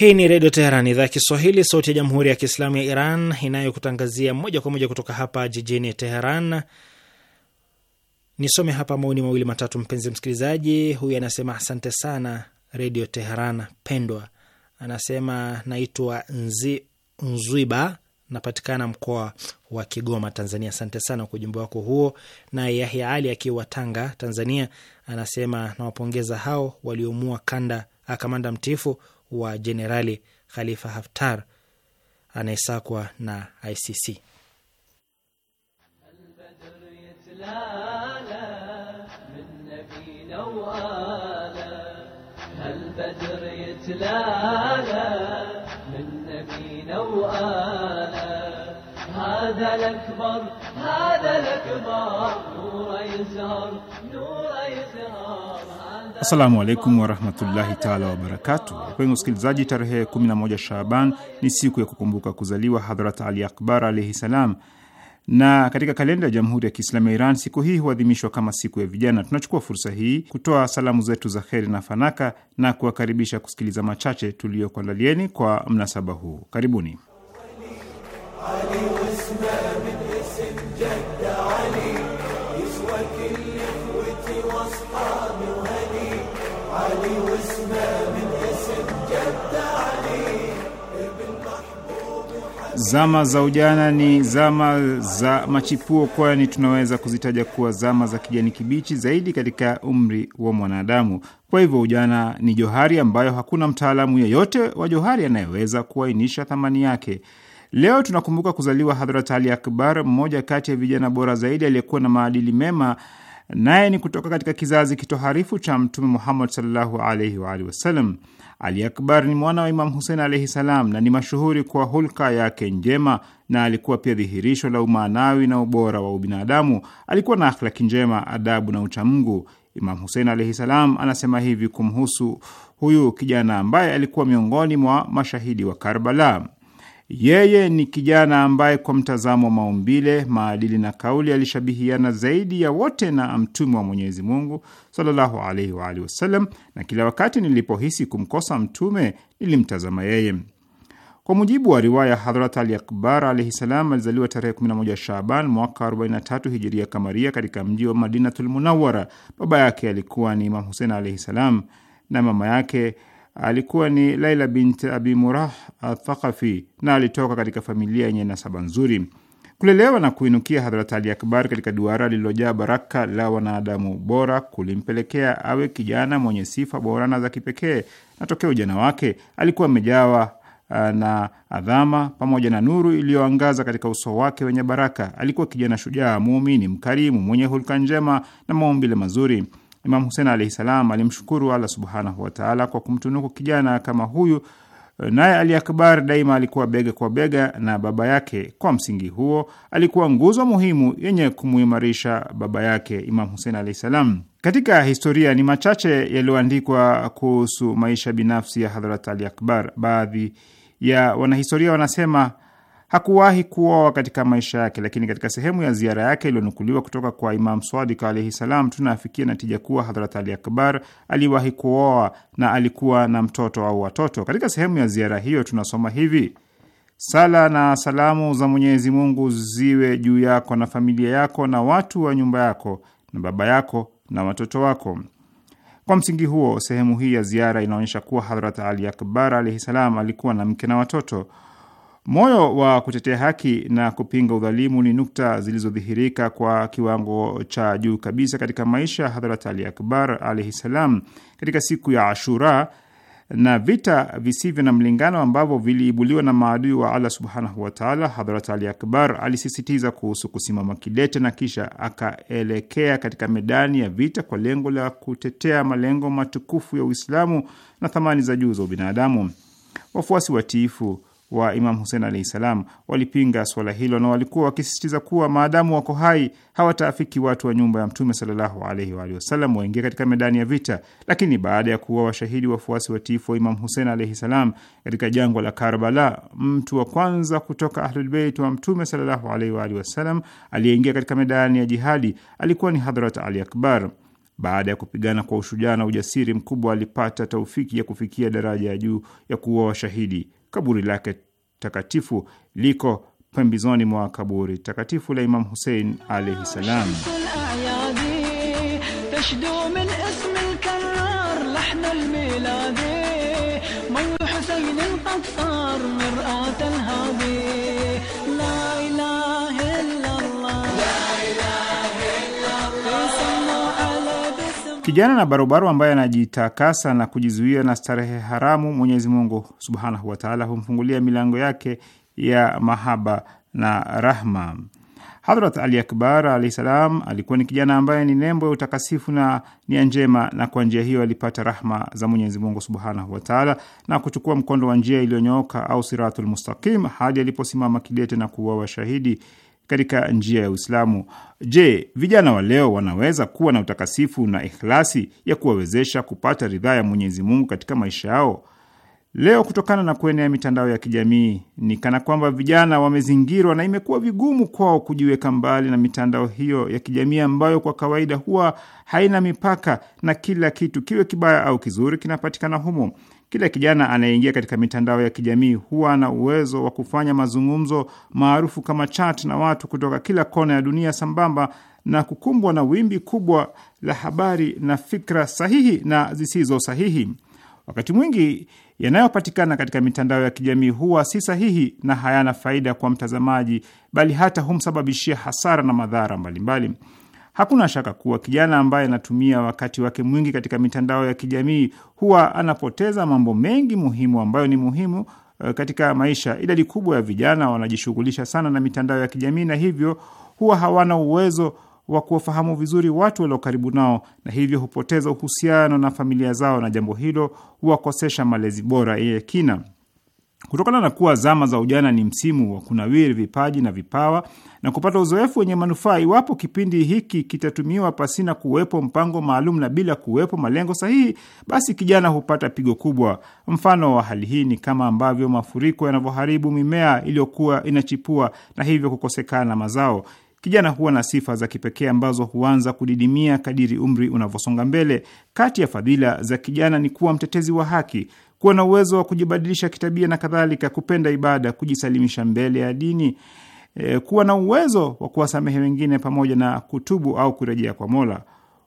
Hii ni Redio Teheran, idhaa ya Kiswahili, sauti ya Jamhuri ya Kiislamu ya Iran, inayokutangazia moja kwa moja kutoka hapa jijini Teheran. Nisome hapa maoni mawili matatu. Mpenzi msikilizaji huyu anasema asante sana Redio Teheran pendwa. Anasema naitwa Nzi Nzwiba, napatikana mkoa wa Kigoma, Tanzania. Asante sana kwa ujumbe wako huo. Naye Yahya Ali akiwa Tanga, Tanzania, anasema nawapongeza hao waliomua kanda akamanda ah, mtifu wa Jenerali Khalifa Haftar anayesakwa na ICC. هذا الأكبر هذا الأكبر نور يزهر نور يزهر Assalamu alaikum warahmatullahi taala wabarakatu. Wapenzi wasikilizaji, tarehe 11 Shaaban ni siku ya kukumbuka kuzaliwa Hadhrat Ali Akbar alaihi salam, na katika kalenda ya Jamhuri ya Kiislamu ya Iran siku hii huadhimishwa kama siku ya vijana. Tunachukua fursa hii kutoa salamu zetu za kheri na fanaka na kuwakaribisha kusikiliza machache tuliyokuandalieni kwa mnasaba huu. Karibuni Ali, Ali Zama za ujana ni zama za machipuo, kwani tunaweza kuzitaja kuwa zama za kijani kibichi zaidi katika umri wa mwanadamu. Kwa hivyo ujana ni johari ambayo hakuna mtaalamu yeyote wa johari anayeweza kuainisha thamani yake. Leo tunakumbuka kuzaliwa Hadhrat Ali Akbar, mmoja kati ya vijana bora zaidi aliyekuwa na maadili mema, naye ni kutoka katika kizazi kitoharifu cha Mtume Muhammad sallallahu alaihi wa alihi wasallam. Ali Akbar ni mwana wa Imam Husein alaihi salam na ni mashuhuri kwa hulka yake njema, na alikuwa pia dhihirisho la umaanawi na ubora wa ubinadamu. Alikuwa na akhlaki njema, adabu na uchamungu. Imam Husein alaihi salam anasema hivi kumhusu huyu kijana ambaye alikuwa miongoni mwa mashahidi wa Karbala: yeye ni kijana ambaye kwa mtazamo wa maumbile, maadili na kauli alishabihiana zaidi ya wote na mtume wa Mwenyezi Mungu sallallahu alaihi wa alihi wasallam, na kila wakati nilipohisi kumkosa mtume nilimtazama yeye. Kwa mujibu wa riwaya, Hadhrat Ali Akbar alaihi salam alizaliwa tarehe 11 Shaban mwaka 43 hijiria kamaria katika mji wa Madinatul Munawara. Baba yake alikuwa ni Imam Husein alaihi salam na mama yake alikuwa ni Laila bint Abi Murah Athaqafi na alitoka katika familia yenye nasaba nzuri. Kulelewa na kuinukia Hadhrat Ali Akbar katika duara lililojaa baraka la wanadamu bora kulimpelekea awe kijana mwenye sifa bora na za kipekee, na tokea ujana wake alikuwa amejawa uh, na adhama pamoja na nuru iliyoangaza katika uso wake wenye baraka. Alikuwa kijana shujaa, muumini, mkarimu, mwenye hulka njema na maumbile mazuri. Imam Husein alahi salam alimshukuru Allah subhanahu wataala kwa kumtunuku kijana kama huyu, naye Ali Akbar daima alikuwa bega kwa bega na baba yake. Kwa msingi huo, alikuwa nguzo muhimu yenye kumuimarisha baba yake Imam Husein alahi salam. Katika historia ni machache yaliyoandikwa kuhusu maisha binafsi ya Hadhrat Ali Akbar. Baadhi ya wanahistoria wanasema Hakuwahi kuoa katika maisha yake, lakini katika sehemu ya ziara yake iliyonukuliwa kutoka kwa Imam Swadik alaihi salam, tunaafikia natija kuwa Hadhrat Ali Akbar aliwahi kuoa na alikuwa na mtoto au watoto. Katika sehemu ya ziara hiyo tunasoma hivi: Sala na salamu za Mwenyezi Mungu ziwe juu yako na familia yako na watu wa nyumba yako na baba yako na watoto wako. Kwa msingi huo, sehemu hii ya ziara inaonyesha kuwa Hadhrat Ali Akbar alaihi salam alikuwa na mke na watoto. Moyo wa kutetea haki na kupinga udhalimu ni nukta zilizodhihirika kwa kiwango cha juu kabisa katika maisha ya Hadhrat Ali Akbar alaihi ssalam katika siku ya Ashura na vita visivyo na mlingano ambavyo viliibuliwa na maadui wa Allah subhanahu wataala. Hadhrat Ali Akbar alisisitiza kuhusu kusimama kidete na kisha akaelekea katika medani ya vita kwa lengo la kutetea malengo matukufu ya Uislamu na thamani za juu za ubinadamu. Wafuasi watiifu wa Imam Husein alahi salam walipinga swala hilo na walikuwa wakisisitiza kuwa maadamu wako hai hawataafiki watu wa nyumba ya Mtume sallallahu alaihi wasallam waingie katika medani ya vita. Lakini baada ya kuwa washahidi wafuasi watiifu wa Imam Husein alaihi salam katika jangwa la Karbala, mtu wa kwanza kutoka Ahlulbeit wa Mtume sallallahu alaihi wasallam aliyeingia katika medani ya jihadi alikuwa ni Hadhrat Ali Akbar. Baada ya kupigana kwa ushujaa na ujasiri mkubwa, alipata taufiki ya kufikia daraja ya juu ya kuwa washahidi Kaburi lake takatifu liko pembezoni mwa kaburi takatifu la Imam Husein alaihi salam. Kijana na barobaro ambaye anajitakasa na kujizuia na starehe haramu, Mwenyezi Mungu subhanahu wataala humfungulia milango yake ya mahaba na rahma. Hadhrat Ali Akbar alahi salam alikuwa ni kijana ambaye ni nembo ya utakasifu na nia njema, na kwa njia hiyo alipata rahma za Mwenyezi Mungu subhanahu wataala na kuchukua mkondo wa njia iliyonyooka au siratul mustaqim hadi aliposimama kidete na kuuawa shahidi katika njia ya Uislamu. Je, vijana wa leo wanaweza kuwa na utakasifu na ikhlasi ya kuwawezesha kupata ridhaa ya Mwenyezi Mungu katika maisha yao? Leo kutokana na kuenea mitandao ya kijamii ni kana kwamba vijana wamezingirwa na imekuwa vigumu kwao kujiweka mbali na mitandao hiyo ya kijamii ambayo kwa kawaida huwa haina mipaka na kila kitu kiwe kibaya au kizuri kinapatikana humo. Kila kijana anayeingia katika mitandao ya kijamii huwa na uwezo wa kufanya mazungumzo maarufu kama chat na watu kutoka kila kona ya dunia, sambamba na kukumbwa na wimbi kubwa la habari na fikra sahihi na zisizo sahihi. Wakati mwingi yanayopatikana katika mitandao ya kijamii huwa si sahihi na hayana faida kwa mtazamaji, bali hata humsababishia hasara na madhara mbalimbali mbali. Hakuna shaka kuwa kijana ambaye anatumia wakati wake mwingi katika mitandao ya kijamii huwa anapoteza mambo mengi muhimu ambayo ni muhimu eh, katika maisha. Idadi kubwa ya vijana wanajishughulisha sana na mitandao ya kijamii na hivyo huwa hawana uwezo wa kuwafahamu vizuri watu walio karibu nao, na hivyo hupoteza uhusiano na familia zao, na jambo hilo huwakosesha malezi bora ya kina. Kutokana na kuwa zama za ujana ni msimu wa kunawiri vipaji na vipawa na kupata uzoefu wenye manufaa, iwapo kipindi hiki kitatumiwa pasina kuwepo mpango maalum na bila kuwepo malengo sahihi, basi kijana hupata pigo kubwa. Mfano wa hali hii ni kama ambavyo mafuriko yanavyoharibu mimea iliyokuwa inachipua na hivyo kukosekana mazao. Kijana huwa na sifa za kipekee ambazo huanza kudidimia kadiri umri unavyosonga mbele. Kati ya fadhila za kijana ni kuwa mtetezi wa haki kuwa na uwezo wa kujibadilisha kitabia na kadhalika, kupenda ibada, kujisalimisha mbele ya dini, e, kuwa na uwezo wa kuwasamehe wengine pamoja na kutubu au kurejea kwa Mola.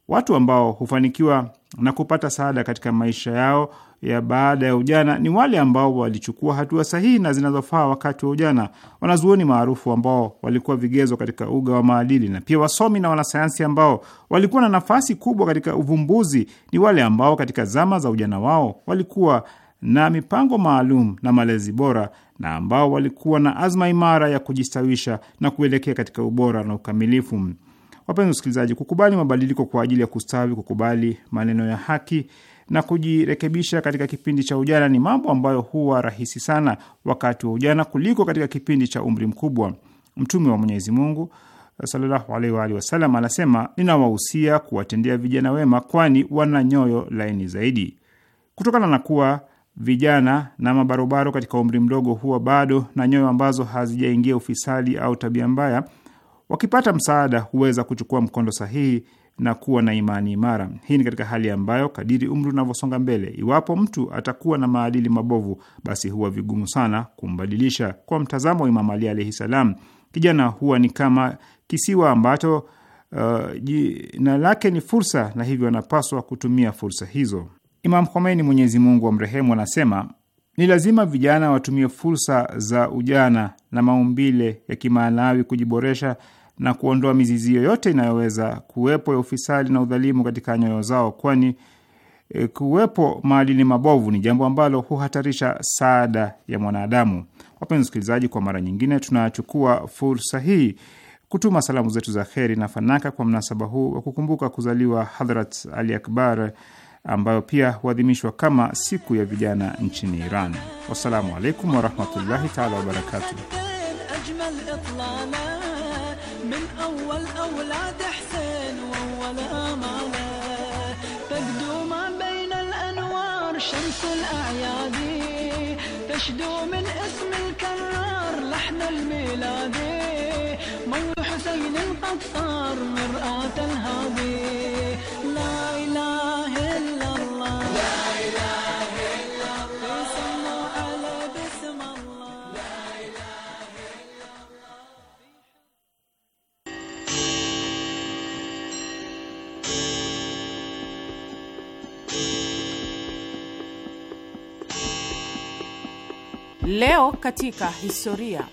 Watu ambao hufanikiwa na kupata saada katika maisha yao ya baada ya ujana ni wale ambao walichukua hatua sahihi na zinazofaa wakati wa ujana. Wanazuoni maarufu ambao walikuwa vigezo katika uga wa maadili na pia wasomi na wanasayansi ambao walikuwa na nafasi kubwa katika uvumbuzi ni wale ambao katika zama za ujana wao walikuwa na mipango maalum na malezi bora na ambao walikuwa na azma imara ya kujistawisha na kuelekea katika ubora na ukamilifu. Wapenzi wasikilizaji, kukubali mabadiliko kwa ajili ya kustawi, kukubali maneno ya haki na kujirekebisha katika kipindi cha ujana ni mambo ambayo huwa rahisi sana wakati wa ujana kuliko katika kipindi cha umri mkubwa. Mtume wa Mwenyezi Mungu eh, sallallahu alaihi wa alihi wasallam anasema, ninawahusia kuwatendea vijana wema, kwani wana nyoyo laini zaidi. Kutokana na kuwa vijana na mabarobaro katika umri mdogo huwa bado na nyoyo ambazo hazijaingia ufisadi au tabia mbaya, wakipata msaada huweza kuchukua mkondo sahihi na kuwa na imani imara. Hii ni katika hali ambayo kadiri umri unavyosonga mbele, iwapo mtu atakuwa na maadili mabovu, basi huwa vigumu sana kumbadilisha. Kwa mtazamo wa Imam Ali alaihi salam, kijana huwa ni kama kisiwa ambacho uh, jina lake ni fursa, na hivyo anapaswa kutumia fursa hizo. Imam Khomeini, Mwenyezi Mungu mrehemu, anasema ni lazima vijana watumie fursa za ujana na maumbile ya kimaanawi kujiboresha na kuondoa mizizi yoyote inayoweza kuwepo ya ufisadi na udhalimu katika nyoyo zao, kwani e, kuwepo maadili mabovu ni jambo ambalo huhatarisha saada ya mwanadamu. Wapenzi wasikilizaji, kwa mara nyingine tunachukua fursa hii kutuma salamu zetu za kheri na fanaka kwa mnasaba huu wa kukumbuka kuzaliwa Hadhrat Ali Akbar ambayo pia huadhimishwa kama siku ya vijana nchini Iran. Wassalamu alaikum warahmatullahi taala wabarakatu. تشدو من اسم الكرار لحن الميلادي مو حسين القطار مرآة الهادي Leo katika historia.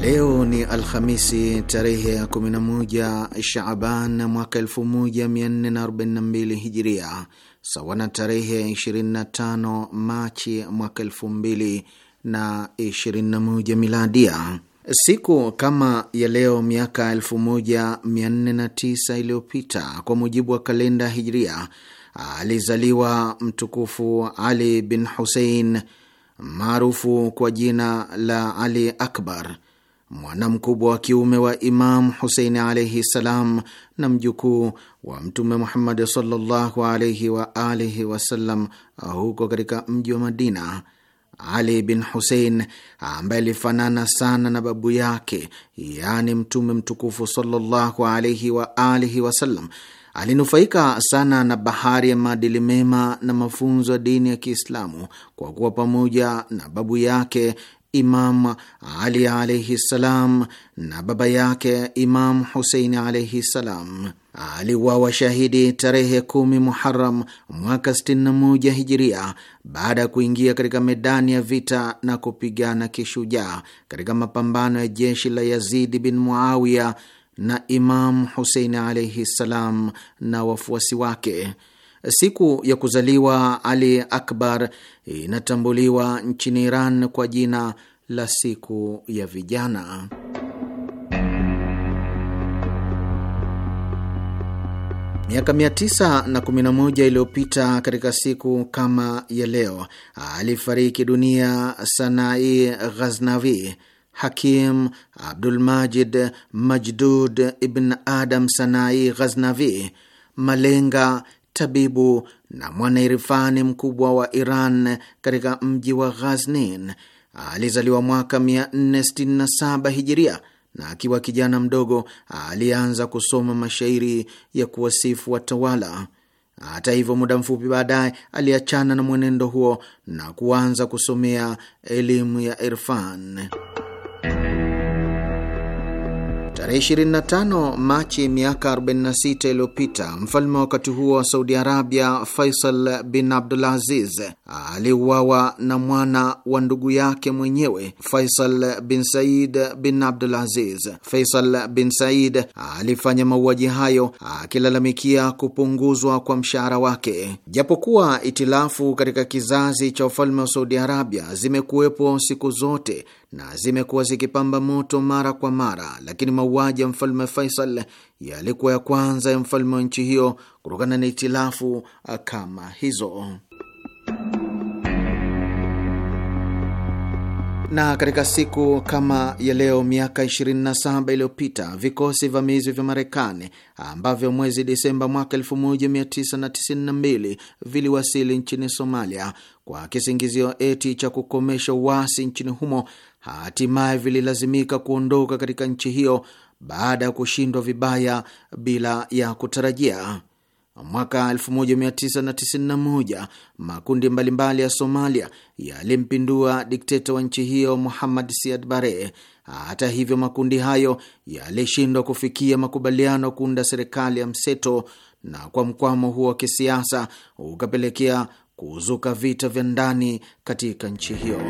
Leo ni Alhamisi tarehe ya 11 Shaaban mwaka 1442 Hijiria, sawa na tarehe ya 25 Machi mwaka 2021 Miladia. Siku kama ya leo miaka 1409 iliyopita kwa mujibu wa kalenda Hijria, alizaliwa mtukufu Ali bin Husein maarufu kwa jina la Ali Akbar, mwana mkubwa wa kiume wa imam husein alaihi ssalam, na mjukuu wa Mtume Muhammadi sallallahu alaihi wa alihi wasallam, huko katika mji wa Madina. Ali bin Husein ambaye alifanana sana na babu yake, yaani Mtume mtukufu sallallahu alaihi wa alihi wasallam, Alinufaika sana na bahari ya maadili mema na mafunzo ya dini ya Kiislamu kwa kuwa pamoja na babu yake Imam Ali alaihi ssalam na baba yake Imam Husein alaihi ssalam. Aliwawa shahidi tarehe kumi Muharam mwaka 61 Hijiria, baada ya kuingia katika medani ya vita na kupigana kishujaa katika mapambano ya jeshi la Yazidi bin Muawiya na imam Husein alaihi ssalam na wafuasi wake. Siku ya kuzaliwa Ali Akbar inatambuliwa nchini Iran kwa jina la siku ya vijana. Miaka 911 iliyopita katika siku kama ya leo alifariki dunia Sanai Ghaznavi, Hakim Abdulmajid Majdud Ibn Adam Sanai Ghaznavi, malenga tabibu na mwanairifani mkubwa wa Iran katika mji wa Ghaznin. Alizaliwa mwaka 467 hijiria na akiwa kijana mdogo alianza kusoma mashairi ya kuwasifu watawala. Hata hivyo, muda mfupi baadaye aliachana na mwenendo huo na kuanza kusomea elimu ya irfan. Tarehe 25 Machi miaka 46 iliyopita mfalme wakati huo wa Saudi Arabia Faisal bin Abdulaziz aliuawa na mwana wa ndugu yake mwenyewe Faisal bin Said bin Aziz. Faisal bin Said alifanya mauaji hayo akilalamikia kupunguzwa kwa mshahara wake. Japokuwa itilafu katika kizazi cha ufalme wa Saudi Arabia zimekuwepo siku zote na zimekuwa zikipamba moto mara kwa mara, lakini mauaji ya mfalme Faisal yalikuwa ya kwanza ya mfalme wa nchi hiyo kutokana na itilafu ah, kama hizo. na katika siku kama ya leo miaka 27 iliyopita vikosi vamizi vya Marekani ambavyo mwezi Disemba mwaka 1992 viliwasili nchini Somalia kwa kisingizio eti cha kukomesha uasi nchini humo hatimaye vililazimika kuondoka katika nchi hiyo baada ya kushindwa vibaya bila ya kutarajia. Mwaka 1991 makundi mbalimbali ya Somalia yalimpindua dikteta wa nchi hiyo Muhammad Siad Barre. Hata hivyo, makundi hayo yalishindwa kufikia makubaliano kuunda serikali ya mseto, na kwa mkwamo huo wa kisiasa ukapelekea kuzuka vita vya ndani katika nchi hiyo.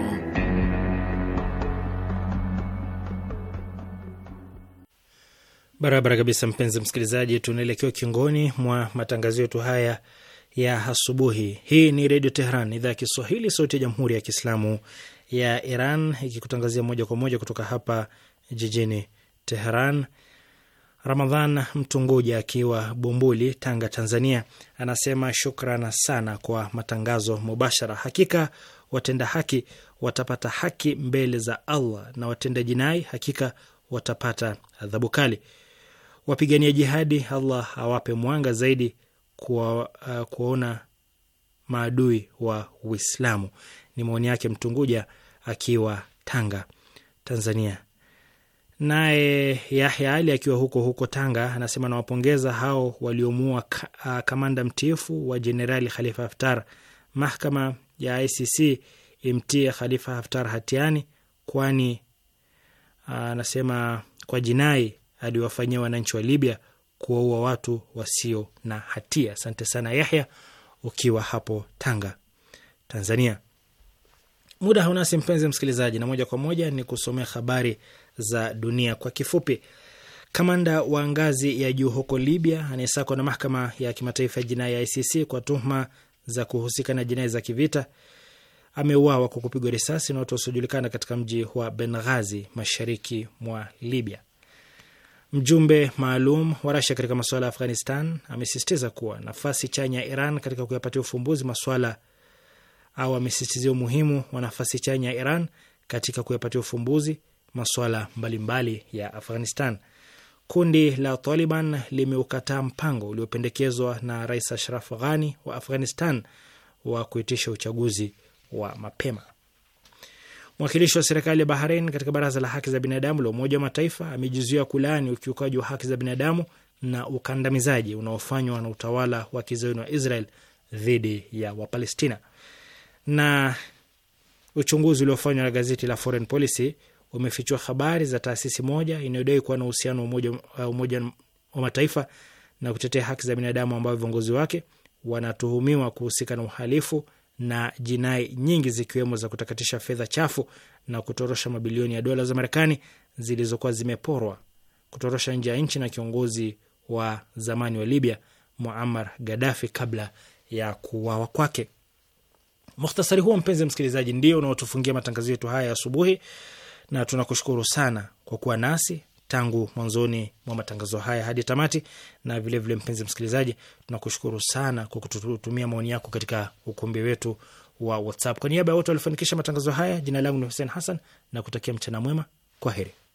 Barabara kabisa, mpenzi msikilizaji, tunaelekea kiongoni mwa matangazo yetu haya ya asubuhi. Hii ni Redio Tehran, idhaa ya Kiswahili, sauti ya Jamhuri ya Kiislamu ya Iran, ikikutangazia moja kwa moja kutoka hapa jijini Teheran. Ramadhan Mtunguja akiwa Bumbuli, Tanga, Tanzania, anasema shukran sana kwa matangazo mubashara. Hakika watenda haki watapata haki mbele za Allah na watenda jinai hakika watapata adhabu kali wapigania jihadi, Allah awape mwanga zaidi kuwa, uh, kuona maadui wa Uislamu. Ni maoni yake Mtunguja akiwa Tanga, Tanzania. Naye Yahya Ali akiwa huko huko Tanga anasema nawapongeza hao waliomuua uh, kamanda mtiifu wa Jenerali Khalifa Haftar. Mahkama ya ICC imtie Khalifa Haftar hatiani, kwani uh, anasema kwa jinai aliwafanyia wananchi wa Libya, kuwaua watu wasio na hatia. Asante sana Yahya, ukiwa hapo Tanga, Tanzania. Muda haunasi mpenzi msikilizaji, na moja kwa moja ni kusomea habari za dunia kwa kifupi. Kamanda wa ngazi ya juu huko Libya anayesakwa na mahakama ya kimataifa ya jinai ya ICC kwa tuhuma za kuhusika na jinai za kivita ameuawa kwa kupigwa risasi na watu wasiojulikana katika mji wa Benghazi, mashariki mwa Libya. Mjumbe maalum wa Rasia katika masuala ya Afghanistan amesisitiza kuwa nafasi chanya ya Iran katika kuyapatia ufumbuzi masuala au amesisitizia umuhimu wa nafasi chanya ya Iran katika kuyapatia ufumbuzi masuala mbalimbali ya Afghanistan. Kundi la Taliban limeukataa mpango uliopendekezwa na Rais Ashraf Ghani wa Afghanistan wa kuitisha uchaguzi wa mapema. Mwakilishi wa serikali ya Bahrain katika Baraza la Haki za Binadamu la Umoja wa Mataifa amejizuia kulaani ukiukaji wa haki za binadamu na ukandamizaji unaofanywa na utawala wa kizayuni wa Israel dhidi ya Wapalestina. Na uchunguzi uliofanywa na gazeti la Foreign Policy umefichua habari za taasisi moja inayodai kuwa na uhusiano wa Umoja uh, wa Mataifa na kutetea haki za binadamu, ambayo viongozi wake wanatuhumiwa kuhusika na uhalifu na jinai nyingi zikiwemo za kutakatisha fedha chafu na kutorosha mabilioni ya dola za Marekani zilizokuwa zimeporwa kutorosha nje ya nchi na kiongozi wa zamani wa Libya Muammar Gaddafi kabla ya kuuawa kwake. Mukhtasari huo mpenzi msikilizaji, ndio unaotufungia matangazo yetu haya asubuhi, na tunakushukuru sana kwa kuwa nasi tangu mwanzoni mwa matangazo haya hadi tamati. Na vilevile vile, mpenzi msikilizaji, tunakushukuru sana kwa kututumia maoni yako katika ukumbi wetu wa WhatsApp. Kwa niaba ya wote waliofanikisha matangazo haya, jina langu ni Hussein Hassan na kutakia mchana mwema. Kwa heri.